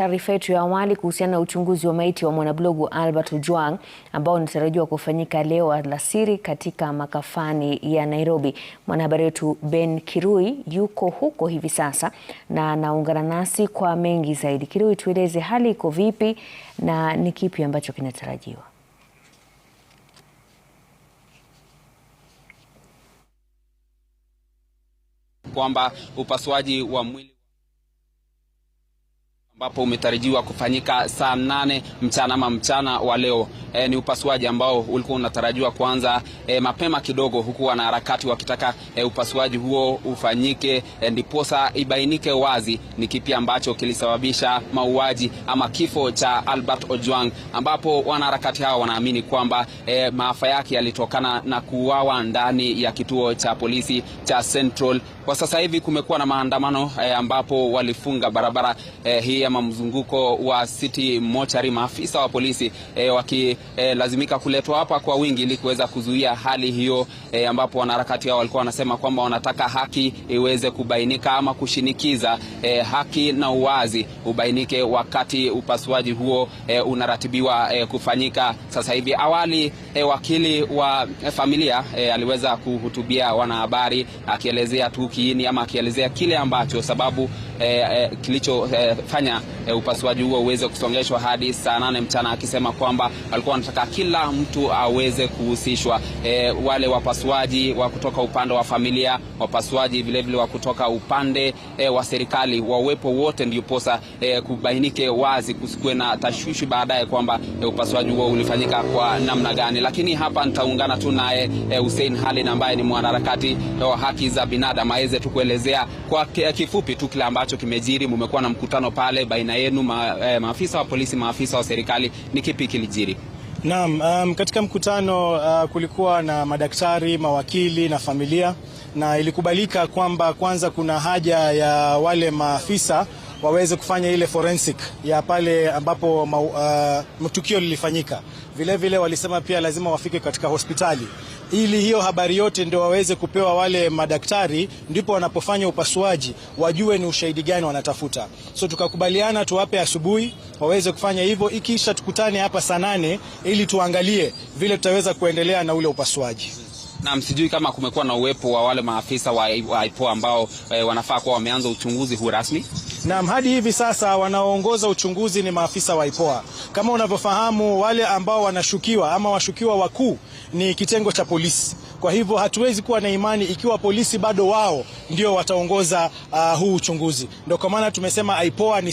Taarifa yetu ya awali kuhusiana na uchunguzi wa maiti wa mwanablogu Albert Ojwang ambao unatarajiwa kufanyika leo alasiri katika makafani ya Nairobi. Mwanahabari wetu Ben Kirui yuko huko hivi sasa na anaungana nasi kwa mengi zaidi. Kirui, tueleze hali iko vipi na ni kipi ambacho kinatarajiwa? Kwamba upasuaji wa mwili ambapo umetarajiwa kufanyika saa nane mchana ama mchana wa leo eh, ni upasuaji ambao ulikuwa unatarajiwa kuanza eh, mapema kidogo, huku wanaharakati wakitaka eh, upasuaji huo ufanyike e, ndiposa ibainike wazi ni kipi ambacho kilisababisha mauaji ama kifo cha Albert Ojwang, ambapo wanaharakati hao wanaamini kwamba eh, maafa yake yalitokana na kuuawa ndani ya kituo cha polisi cha Central. Kwa sasa hivi kumekuwa na maandamano eh, ambapo walifunga barabara eh, hii ama mzunguko wa City Mochari, maafisa wa polisi eh, waki wamelazimika eh, lazimika kuletwa hapa kwa wingi ili kuweza kuzuia hali hiyo eh, ambapo wanaharakati hao walikuwa wanasema kwamba wanataka haki iweze kubainika ama kushinikiza eh, haki na uwazi ubainike wakati upasuaji huo eh, unaratibiwa eh, kufanyika sasa hivi. Awali eh, wakili wa eh, familia eh, aliweza kuhutubia wanahabari akielezea tu kiini ama akielezea kile ambacho sababu eh, eh, kilichofanya eh, eh, upasuaji huo uweze kusongeshwa hadi saa nane mchana akisema kwamba alikuwa walikuwa wanataka kila mtu aweze kuhusishwa, e, wale wapasuaji wa kutoka upande wa familia, wapasuaji vilevile wa kutoka upande e, wa serikali, wawepo wote, ndiposa e, kubainike wazi, kusikuwe na tashwishi baadaye kwamba e, upasuaji huo ulifanyika kwa namna gani. Lakini hapa nitaungana tu naye e, Hussein Halin ambaye ni mwanaharakati wa haki za binadamu aweze tu kuelezea kwa kifupi tu kile ambacho kimejiri. Mumekuwa na mkutano pale baina yenu, ma, e, maafisa wa polisi, maafisa wa serikali, ni kipi kilijiri? Naam, um, katika mkutano uh, kulikuwa na madaktari, mawakili na familia na ilikubalika kwamba kwanza kuna haja ya wale maafisa waweze kufanya ile forensic ya pale ambapo uh, tukio lilifanyika. Vilevile vile walisema pia lazima wafike katika hospitali ili hiyo habari yote ndio waweze kupewa wale madaktari, ndipo wanapofanya upasuaji wajue ni ushahidi gani wanatafuta. So tukakubaliana tuwape asubuhi waweze kufanya hivyo, ikiisha tukutane hapa saa nane ili tuangalie vile tutaweza kuendelea na ule upasuaji na msijui kama kumekuwa na uwepo wa wale maafisa wa, IPOA ambao e, wanafaa kuwa wameanza uchunguzi huu rasmi. Naam, hadi hivi sasa wanaoongoza uchunguzi ni maafisa wa IPOA. Kama unavyofahamu, wale ambao wanashukiwa ama washukiwa wakuu ni kitengo cha polisi. Kwa hivyo hatuwezi kuwa na imani ikiwa polisi bado wao ndio wataongoza uh, huu uchunguzi. Ndio kwa maana tumesema IPOA ni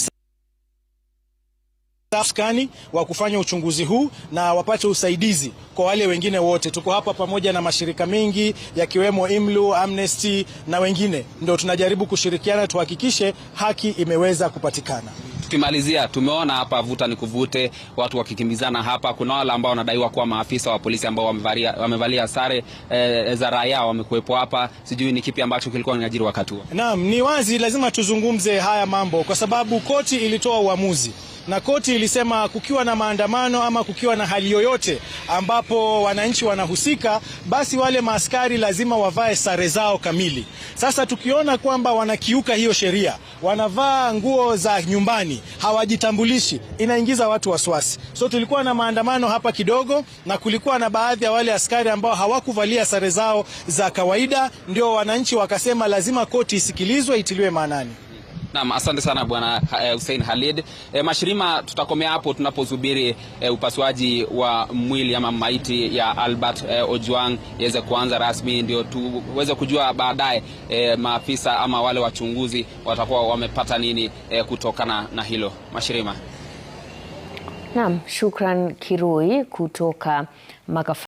askani wa kufanya uchunguzi huu na wapate usaidizi kwa wale wengine wote. Tuko hapa pamoja na mashirika mengi yakiwemo IMLU, Amnesty na wengine, ndio tunajaribu kushirikiana tuhakikishe haki imeweza kupatikana. Tukimalizia, tumeona hapa vuta ni kuvute, watu wakikimbizana hapa. Kuna wale ambao wanadaiwa kuwa maafisa wa polisi ambao wamevalia, wamevalia sare e, za raia wamekuwepo hapa. Sijui ni kipi ambacho kilikuwa kinajiri wakati huo. Naam, ni wazi lazima tuzungumze haya mambo kwa sababu koti ilitoa uamuzi na koti ilisema kukiwa na maandamano ama kukiwa na hali yoyote ambapo wananchi wanahusika, basi wale maaskari lazima wavae sare zao kamili. Sasa tukiona kwamba wanakiuka hiyo sheria, wanavaa nguo za nyumbani, hawajitambulishi, inaingiza watu wasiwasi. So tulikuwa na maandamano hapa kidogo, na kulikuwa na baadhi ya wale askari ambao hawakuvalia sare zao za kawaida, ndio wananchi wakasema lazima koti isikilizwe, itiliwe maanani. Naam, asante sana bwana eh, Hussein Khalid. E, mashirima, tutakomea hapo tunapozubiri e, eh, upasuaji wa mwili ama maiti ya Albert e, Ojwang iweze kuanza rasmi, ndio tuweze kujua baadaye e, maafisa ama wale wachunguzi watakuwa wamepata nini e, kutokana na hilo. Mashirima. Naam, shukran Kirui kutoka Makafani.